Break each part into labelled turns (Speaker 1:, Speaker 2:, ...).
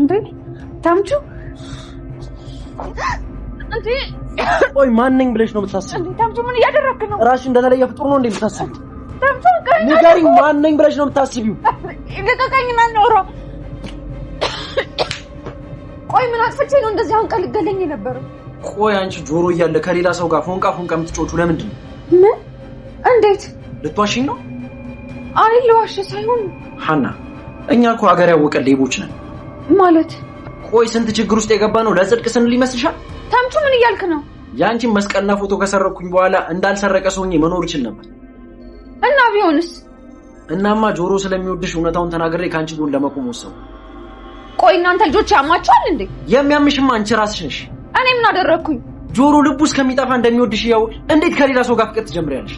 Speaker 1: እንዴ ታምቹ እንዴ
Speaker 2: ቆይ ማንኝ ብለሽ ነው የምታስብ?
Speaker 1: ታምቹ ምን እያደረክ ነው?
Speaker 2: ራስሽ እንደተለየ ፍጡር ነው እንዴ የምታስብ? ታምቹ ንገሪኝ፣ ማንኝ ብለሽ ነው የምታስቢው?
Speaker 1: ልቀቀኝ ነው ኖሮ ቆይ ምን አጥፍቼ ነው እንደዚህ አንቀ ልገለኝ የነበረው?
Speaker 2: ቆይ አንቺ ጆሮ እያለ ከሌላ ሰው ጋር ፎንቃ ፎንቃ የምትጮቹ ለምንድን ነው?
Speaker 1: ምን እንዴት ልትዋሽኝ ነው? አይ ልዋሽ ሳይሆን
Speaker 2: ሀና፣ እኛ እኮ ሀገር ያወቀን ሌቦች ነን። ማለት ቆይ ስንት ችግር ውስጥ የገባ ነው ለጽድቅ ስንል ይመስልሻል?
Speaker 1: ተምቹ ምን እያልክ ነው?
Speaker 2: የአንቺን መስቀልና ፎቶ ከሰረኩኝ በኋላ እንዳልሰረቀ ሰው መኖር ይችል ነበር።
Speaker 1: እና ቢሆንስ?
Speaker 2: እናማ ጆሮ ስለሚወድሽ እውነታውን ተናግሬ ከአንቺ ጎን ለመቆም ወሰው
Speaker 1: ቆይ እናንተ ልጆች ያማችኋል እንዴ?
Speaker 2: የሚያምሽማ አንቺ ራስሽ ነሽ።
Speaker 1: እኔ ምን አደረግኩኝ?
Speaker 2: ጆሮ ልቡ እስከሚጠፋ እንደሚወድሽ ያው እንዴት ከሌላ ሰው ጋር ፍቅር ትጀምሪያለሽ?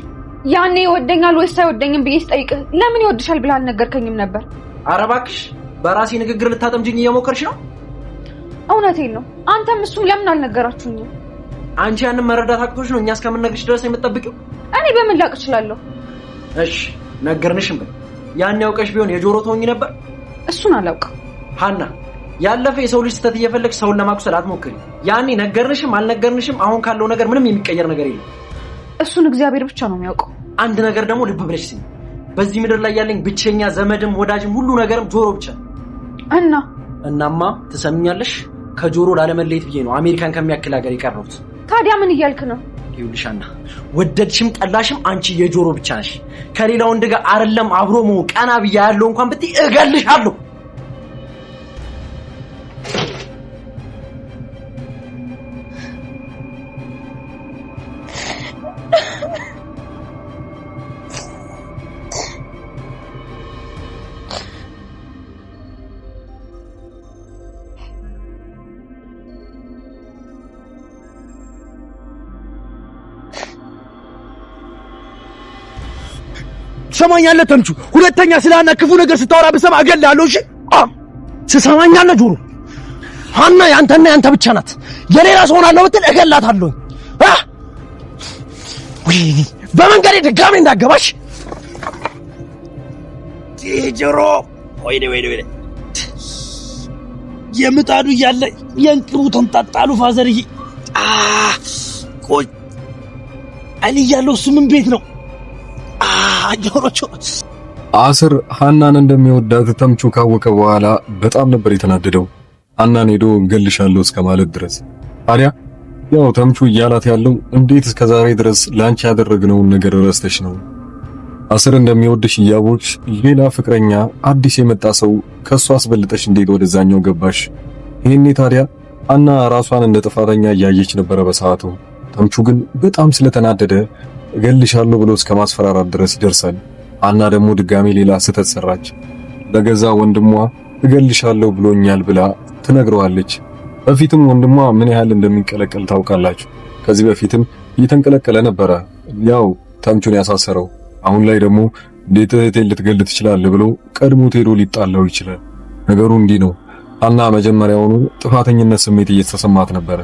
Speaker 1: ያኔ ይወደኛል ወይስ አይወደኝም ብዬ ስጠይቅህ ለምን ይወድሻል ብለህ አልነገርከኝም ነበር?
Speaker 2: አረባክሽ በራሴ ንግግር ልታጠምጅኝ እየሞከርሽ ነው?
Speaker 1: እውነቴን ነው። አንተም እሱም ለምን አልነገራችሁኝም?
Speaker 2: አንቺ ያንን መረዳት አቅቶች ነው እኛ እስከምንነግርሽ ድረስ የምጠብቂው?
Speaker 1: እኔ በምን ላቅ እችላለሁ?
Speaker 2: እሺ ነገርንሽም፣ ያን ያውቀሽ ቢሆን የጆሮ ትሆኚ ነበር። እሱን አላውቅም ሀና። ያለፈ የሰው ልጅ ስህተት እየፈለግሽ ሰውን ለማቁሰል አትሞክሪ። ያኔ ነገርንሽም አልነገርንሽም አሁን ካለው ነገር ምንም የሚቀየር ነገር የለም።
Speaker 1: እሱን እግዚአብሔር ብቻ ነው የሚያውቀው።
Speaker 2: አንድ ነገር ደግሞ ልብ ብለሽ ስሚ። በዚህ ምድር ላይ ያለኝ ብቸኛ ዘመድም ወዳጅም ሁሉ ነገርም ጆሮ ብቻ እና እናማ ትሰሚኛለሽ፣ ከጆሮ ላለመለየት ብዬ ነው አሜሪካን ከሚያክል ሀገር የቀረሁት።
Speaker 1: ታዲያ ምን እያልክ ነው?
Speaker 2: ይኸውልሻና ወደድሽም ጠላሽም አንቺ የጆሮ ብቻ ነሽ። ከሌላ ወንድ ጋር አይደለም አብሮ መሆን ቀና ብያ ያለው እንኳን ብትይ እገልሻለሁ። ትሰማኛለህ ተምቹ? ሁለተኛ ስለ ሀና ክፉ ነገር ስታወራ ብሰማ እገልሃለሁ። እሺ አ ትሰማኛለህ ጆሮ? ሀና ያንተና ያንተ ብቻ ናት። የሌላ ሰው ሆናለሁ ብትል እገላታለሁ። በመንገዴ ድጋሜ እንዳገባሽ ጆሮ። ወይኔ ወይ ወይኔ የምጣዱ እያለ የእንቅቡ ተንጣጣሉ። ፋዘርዬ ቆይ እኔ እያለሁ እሱ ምን ቤት ነው?
Speaker 3: አስር ሀናን እንደሚወዳት ተምቹ ካወቀ በኋላ በጣም ነበር የተናደደው። ሀናን ሄዶ እገልሻለሁ እስከ ማለት ድረስ። ታዲያ ያው ተምቹ እያላት ያለው እንዴት እስከ ዛሬ ድረስ ላንቺ ያደረግነውን ነገር ረስተሽ ነው? አስር እንደሚወድሽ እያወቅሽ ሌላ ፍቅረኛ አዲስ የመጣ ሰው ከሷ አስበልጠሽ እንዴት ወደዛኛው ገባሽ? ይሄኔ ታዲያ አና ራሷን እንደ ጥፋተኛ እያየች ነበረ በሰዓቱ። ተምቹ ግን በጣም ስለተናደደ እገልሻለሁ ብሎ እስከ ማስፈራራት ድረስ ይደርሳል። አና ደግሞ ድጋሚ ሌላ ስህተት ሰራች። ለገዛ ወንድሟ እገልሻለሁ ብሎኛል ብላ ትነግረዋለች። በፊትም ወንድሟ ምን ያህል እንደሚንቀለቀል ታውቃላችሁ። ከዚህ በፊትም እየተንቀለቀለ ነበረ፣ ያው ተምቹን ያሳሰረው። አሁን ላይ ደግሞ እንዴት እህቴን ልትገል ትችላለህ ብሎ ቀድሞ ሄዶ ሊጣላው ይችላል። ነገሩ እንዲህ ነው። አና መጀመሪያውኑ ጥፋተኝነት ስሜት እየተሰማት ነበረ።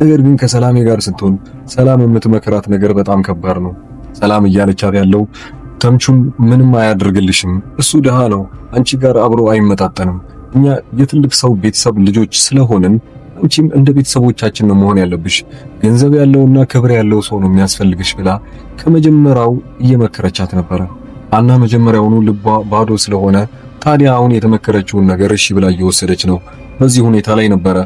Speaker 3: ነገር ግን ከሰላሜ ጋር ስትሆን ሰላም የምትመክራት ነገር በጣም ከባድ ነው። ሰላም እያለቻት ያለው ተምቹን ምንም አያደርግልሽም፣ እሱ ድሃ ነው፣ አንቺ ጋር አብሮ አይመጣጠንም። እኛ የትልቅ ሰው ቤተሰብ ልጆች ስለሆንን አንቺም እንደ ቤተሰቦቻችን ነው መሆን ያለብሽ፣ ገንዘብ ያለውና ክብር ያለው ሰው ነው የሚያስፈልግሽ ብላ ከመጀመሪያው እየመከረቻት ነበረ። አና መጀመሪያውኑ ልቧ ባዶ ስለሆነ ታዲያ አሁን የተመከረችውን ነገር እሺ ብላ እየወሰደች ነው። በዚህ ሁኔታ ላይ ነበረ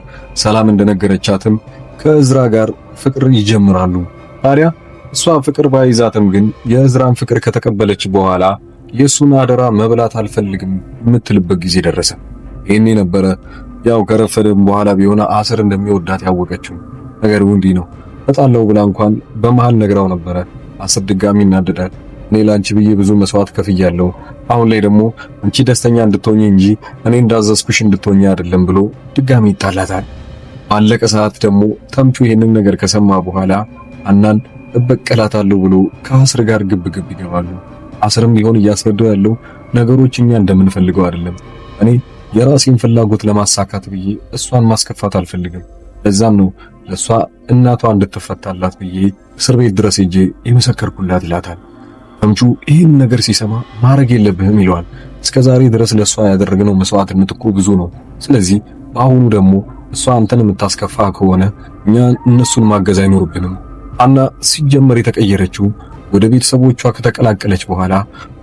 Speaker 3: ሰላም እንደነገረቻትም ከእዝራ ጋር ፍቅር ይጀምራሉ። ታዲያ እሷ ፍቅር ባይዛትም ግን የእዝራን ፍቅር ከተቀበለች በኋላ የእሱን አደራ መብላት አልፈልግም የምትልበት ጊዜ ደረሰ። ይህኔ ነበረ ያው ከረፈደም በኋላ ቢሆን አስር እንደሚወዳት ያወቀችው። ነገር እንዲህ ነው እጣለው ብላ እንኳን በመሃል ነግራው ነበረ። አስር ድጋሚ እናደዳል። እኔ ለአንቺ ብዬ ብዙ መስዋዕት ከፍያለሁ። አሁን ላይ ደግሞ አንቺ ደስተኛ እንድትሆኝ እንጂ እኔ እንዳዘዝኩሽ እንድትሆኝ አይደለም ብሎ ድጋሚ ይጣላታል። ባለቀ ሰዓት ደግሞ ተምቹ ይህንን ነገር ከሰማ በኋላ አናን እበቀላታለሁ ብሎ ከአስር ጋር ግብ ግብ ይገባሉ። አስርም ቢሆን እያስረዳው ያለው ነገሮች እኛ እንደምንፈልገው አይደለም። እኔ የራሴን ፍላጎት ለማሳካት ብዬ እሷን ማስከፋት አልፈልግም። ለዛም ነው ለእሷ እናቷ እንድትፈታላት ብዬ እስር ቤት ድረስ ሄጄ የመሰከርኩላት ይላታል። ተምቹ ይህን ነገር ሲሰማ ማድረግ የለብህም ይለዋል። እስከ ዛሬ ድረስ ለእሷ ያደረግነው መስዋዕትነት እኮ ብዙ ነው። ስለዚህ በአሁኑ ደግሞ እሷ አንተን የምታስከፋ ከሆነ እኛ እነሱን ማገዝ አይኖርብንም። አና ሲጀመር የተቀየረችው ወደ ቤተሰቦቿ ከተቀላቀለች በኋላ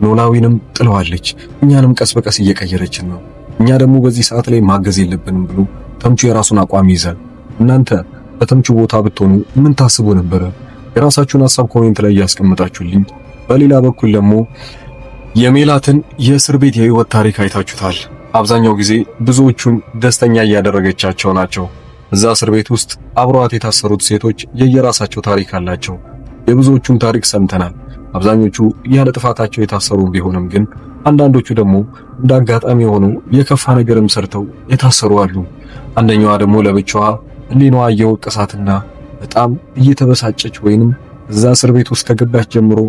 Speaker 3: ኖላዊንም ጥለዋለች። እኛንም ቀስ በቀስ እየቀየረችን ነው። እኛ ደግሞ በዚህ ሰዓት ላይ ማገዝ የለብንም ብሎ ተምቹ የራሱን አቋም ይይዛል። እናንተ በተምቹ ቦታ ብትሆኑ ምን ታስቡ ነበረ? የራሳችሁን ሐሳብ ኮሜንት ላይ እያስቀመጣችሁልኝ። በሌላ በኩል ደግሞ የሜላትን የእስር ቤት የህይወት ታሪክ አይታችሁታል። አብዛኛው ጊዜ ብዙዎቹን ደስተኛ እያደረገቻቸው ናቸው። እዛ እስር ቤት ውስጥ አብረዋት የታሰሩት ሴቶች የየራሳቸው ታሪክ አላቸው። የብዙዎቹን ታሪክ ሰምተናል። አብዛኞቹ ያለ ጥፋታቸው የታሰሩ ቢሆንም ግን አንዳንዶቹ ደግሞ እንደ አጋጣሚ የሆኑ የከፋ ነገርም ሰርተው የታሰሩ አሉ። አንደኛዋ ደግሞ ለብቻዋ ሕሊናዋ እየወቀሳትና በጣም እየተበሳጨች ወይንም እዛ እስር ቤት ውስጥ ከገባች ጀምሮ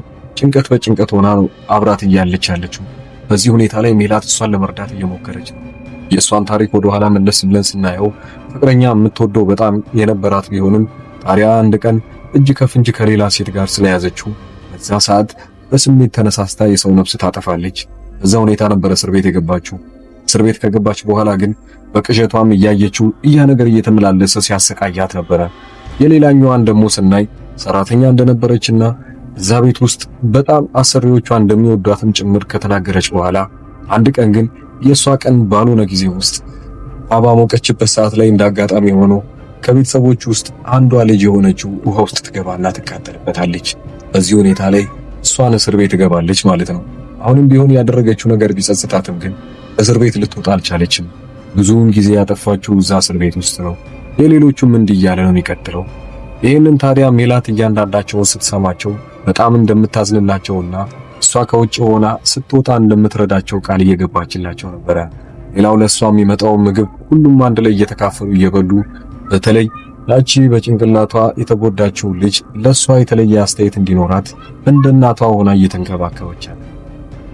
Speaker 3: ጭንቀት በጭንቀት ሆና ነው አብራት እያለች ያለችው። በዚህ ሁኔታ ላይ ሜላት እሷን ለመርዳት እየሞከረች ነው። የእሷን ታሪክ ወደ ኋላ መለስ ብለን ስናየው ፍቅረኛ የምትወደው በጣም የነበራት ቢሆንም ታዲያ አንድ ቀን እጅ ከፍንጅ ከሌላ ሴት ጋር ስለያዘችው በዛ ሰዓት በስሜት ተነሳስታ የሰው ነፍስ ታጠፋለች። በዛ ሁኔታ ነበረ እስር ቤት የገባችው። እስር ቤት ከገባች በኋላ ግን በቅዠቷም እያየችው እያ ነገር እየተመላለሰ ሲያሰቃያት ነበረ። የሌላኛዋን ደግሞ ስናይ ሰራተኛ እንደነበረችና እዛ ቤት ውስጥ በጣም አሰሪዎቿ እንደሚወዷትም ጭምር ከተናገረች በኋላ አንድ ቀን ግን የእሷ ቀን ባልሆነ ጊዜ ውስጥ አባ ሞቀችበት ሰዓት ላይ እንዳጋጣሚ ሆኖ ከቤተሰቦች ውስጥ አንዷ ልጅ የሆነችው ውሃ ውስጥ ትገባና ትቃጠልበታለች። በዚህ ሁኔታ ላይ እሷን እስር ቤት ትገባለች ማለት ነው። አሁንም ቢሆን ያደረገችው ነገር ቢጸጽታትም ግን እስር ቤት ልትወጣ አልቻለችም። ብዙውን ጊዜ ያጠፋችው እዛ እስር ቤት ውስጥ ነው። የሌሎቹም እንዲህ እያለ ነው የሚቀጥለው። ይህንን ታዲያ ሜላት እያንዳንዳቸውን ስትሰማቸው በጣም እንደምታዝንላቸውና እሷ ከውጭ ሆና ስትወጣ እንደምትረዳቸው ቃል እየገባችላቸው ነበረ። ሌላው ለእሷ የሚመጣውን ምግብ ሁሉም አንድ ላይ እየተካፈሉ እየበሉ በተለይ ያቺ በጭንቅላቷ የተጎዳችው ልጅ ለእሷ የተለየ አስተያየት እንዲኖራት እንደ እናቷ ሆና እየተንከባከበቻል።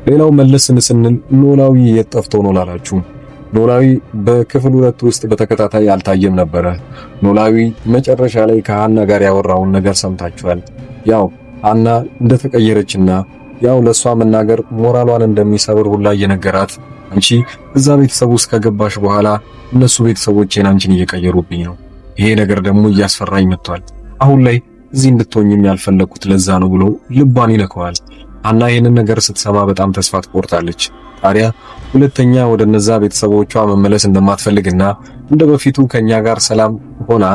Speaker 3: ሌላው መለስ ስንል ኖላዊ የት ጠፍቶ ነው ላላችሁ፣ ኖላዊ በክፍል ሁለት ውስጥ በተከታታይ አልታየም ነበረ። ኖላዊ መጨረሻ ላይ ከሃና ጋር ያወራውን ነገር ሰምታችኋል። ያው አና እንደተቀየረችና ያው ለሷ መናገር ሞራሏን እንደሚሰብር ሁላ እየነገራት አንቺ እዛ ቤተሰብ ውስጥ ከገባሽ በኋላ እነሱ ቤተሰቦቼን አንቺን እየቀየሩብኝ ነው፣ ይሄ ነገር ደግሞ እያስፈራኝ መጥቷል፣ አሁን ላይ እዚህ እንድትሆኝም ያልፈለግኩት ለዛ ነው ብሎ ልቧን ይነከዋል። አና ይህንን ነገር ስትሰማ በጣም ተስፋ ትቆርጣለች። ታዲያ ሁለተኛ ወደ እነዛ ቤተሰቦቿ መመለስ እንደማትፈልግና እንደ በፊቱ ከእኛ ጋር ሰላም ሆና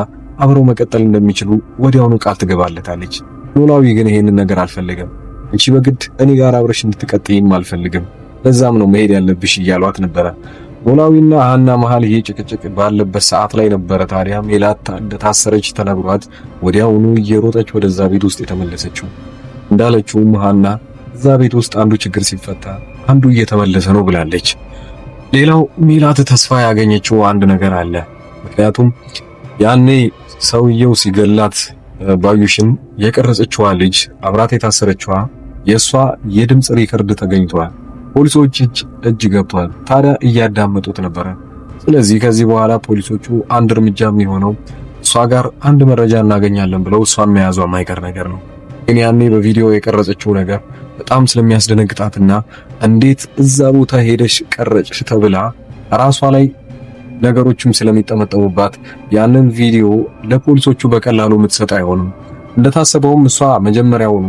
Speaker 3: አብረው መቀጠል እንደሚችሉ ወዲያውኑ ቃል ትገባለታለች። ኖላዊ ግን ይሄንን ነገር አልፈለገም። እቺ በግድ እኔ ጋር አብረሽ እንድትቀጥይም አልፈልግም፣ ለዛም ነው መሄድ ያለብሽ እያሏት ነበረ። ኖላዊና ሀና መሀል ይሄ ጭቅጭቅ ባለበት ሰዓት ላይ ነበረ ታዲያ ሜላት እንደታሰረች ተነግሯት ወዲያውኑ እየሮጠች ወደዛ ቤት ውስጥ የተመለሰችው። እንዳለችውም ሀና እዛ ቤት ውስጥ አንዱ ችግር ሲፈታ አንዱ እየተመለሰ ነው ብላለች። ሌላው ሜላት ተስፋ ያገኘችው አንድ ነገር አለ። ምክንያቱም ያኔ ሰውየው ሲገላት ባዩሽን የቀረጸችዋ ልጅ አብራት የታሰረችዋ የእሷ የድምፅ ሪከርድ ተገኝቷል። ፖሊሶች እጅ ገብቷል። ታዲያ እያዳመጡት ነበረ። ስለዚህ ከዚህ በኋላ ፖሊሶቹ አንድ እርምጃ የሚሆነው እሷ ጋር አንድ መረጃ እናገኛለን ብለው እሷን መያዟ ማይቀር ነገር ነው። ግን ያኔ በቪዲዮ የቀረጸችው ነገር በጣም ስለሚያስደነግጣትና እንዴት እዛ ቦታ ሄደሽ ቀረጭሽ ተብላ ራሷ ላይ ነገሮችም ስለሚጠመጠሙባት ያንን ቪዲዮ ለፖሊሶቹ በቀላሉ የምትሰጥ አይሆንም። እንደታሰበውም እሷ መጀመሪያውኑ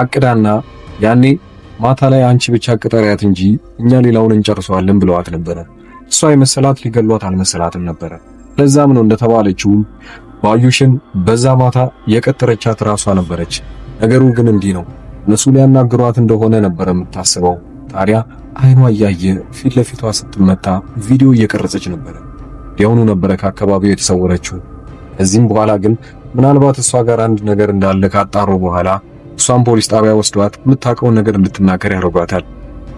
Speaker 3: አቅዳና ያኔ ማታ ላይ አንቺ ብቻ ቅጠሪያት እንጂ እኛ ሌላውን እንጨርሰዋለን ብለዋት ነበረ። እሷ የመሰላት ሊገሏት አልመሰላትም ነበረ። ለዛም ነው እንደተባለችውም ባዩሽን በዛ ማታ የቀጠረቻት ራሷ ነበረች። ነገሩ ግን እንዲህ ነው። እነሱ ሊያናግሯት እንደሆነ ነበረ የምታስበው። ታዲያ አይኗ እያየ ፊት ለፊቷ ስትመታ ቪዲዮ እየቀረጸች ነበረ። ወዲያውኑ ነበረ ከአካባቢው የተሰወረችው። ከዚህም በኋላ ግን ምናልባት እሷ ጋር አንድ ነገር እንዳለ ካጣሩ በኋላ እሷን ፖሊስ ጣቢያ ወስዷት የምታውቀውን ነገር እንድትናገር ያደርጓታል።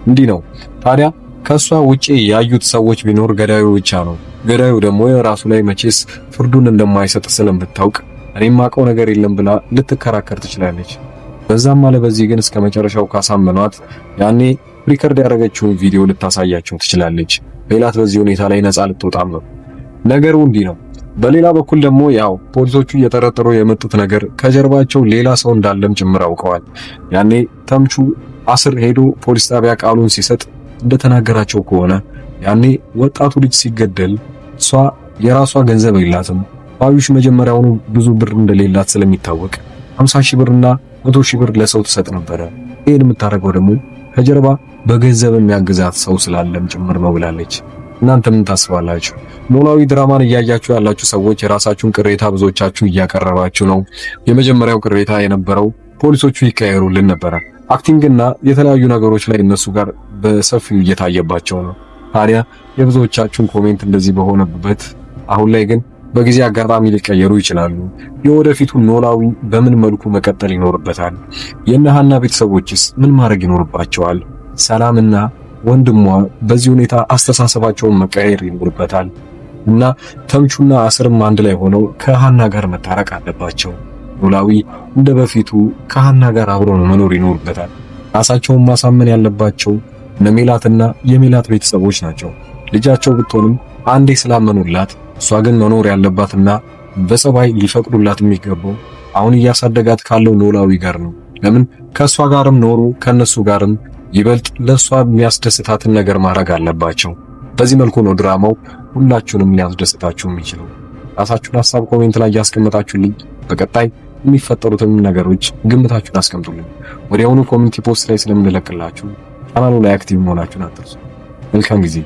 Speaker 3: እንዲህ ነው ታዲያ ከእሷ ውጪ ያዩት ሰዎች ቢኖር ገዳዩ ብቻ ነው። ገዳዩ ደግሞ የራሱ ላይ መቼስ ፍርዱን እንደማይሰጥ ስለምታውቅ እኔም አውቀው ነገር የለም ብላ ልትከራከር ትችላለች። በዛም አለ በዚህ ግን እስከ መጨረሻው ካሳመኗት ያኔ ሪከርድ ያደረገችውን ቪዲዮ ልታሳያቸው ትችላለች። ሌላት በዚህ ሁኔታ ላይ ነፃ ልትወጣም ነው። ነገሩ እንዲህ ነው። በሌላ በኩል ደግሞ ያው ፖሊሶቹ እየጠረጠሩ የመጡት ነገር ከጀርባቸው ሌላ ሰው እንዳለም ጭምር አውቀዋል። ያኔ ተምቹ አስር ሄዶ ፖሊስ ጣቢያ ቃሉን ሲሰጥ እንደተናገራቸው ከሆነ ያኔ ወጣቱ ልጅ ሲገደል እሷ የራሷ ገንዘብ የላትም። ባዩሽ መጀመሪያውኑ ብዙ ብር እንደሌላት ስለሚታወቅ 50 ሺህ ብርና 100 ሺህ ብር ለሰው ትሰጥ ነበረ። ይህን የምታደርገው ደግሞ ከጀርባ በገንዘብ የሚያግዛት ሰው ስላለም ጭምር ብላለች። እናንተ ምን ታስባላችሁ? ኖላዊ ድራማን እያያችሁ ያላችሁ ሰዎች የራሳችሁን ቅሬታ ብዙዎቻችሁ እያቀረባችሁ ነው። የመጀመሪያው ቅሬታ የነበረው ፖሊሶቹ ይቀየሩልን ነበረ። አክቲንግና የተለያዩ ነገሮች ላይ እነሱ ጋር በሰፊው እየታየባቸው ነው። ታዲያ የብዙዎቻችሁን ኮሜንት እንደዚህ በሆነበት አሁን ላይ ግን በጊዜ አጋጣሚ ሊቀየሩ ይችላሉ። የወደፊቱ ኖላዊ በምን መልኩ መቀጠል ይኖርበታል? የነሃና ቤተሰቦችስ ምን ማድረግ ይኖርባቸዋል? ሰላምና ወንድሟ በዚህ ሁኔታ አስተሳሰባቸውን መቀየር ይኖርበታል እና ተምቹና አስርም አንድ ላይ ሆነው ከሃና ጋር መታረቅ አለባቸው። ኖላዊ እንደ በፊቱ ከሃና ጋር አብሮ መኖር ይኖርበታል። ራሳቸውን ማሳመን ያለባቸው ነሜላትና የሜላት ቤተሰቦች ናቸው። ልጃቸው ብትሆንም አንዴ ስላመኑላት፣ እሷ ግን መኖር ያለባትና በሰባይ ሊፈቅዱላት የሚገባው አሁን እያሳደጋት ካለው ኖላዊ ጋር ነው። ለምን ከእሷ ጋርም ኖሩ ከእነሱ ጋርም ይበልጥ ለእሷ የሚያስደስታትን ነገር ማድረግ አለባቸው። በዚህ መልኩ ነው ድራማው ሁላችሁንም ሊያስደስታችሁ የሚችለው። ራሳችሁን ሀሳብ ኮሜንት ላይ እያስቀመጣችሁልኝ በቀጣይ የሚፈጠሩትን ነገሮች ግምታችሁን አስቀምጡልኝ። ወዲያውኑ ኮሚኒቲ ፖስት ላይ ስለምንለቅላችሁ ቻናሉ ላይ አክቲቭ መሆናችሁን አትርሱ። መልካም ጊዜ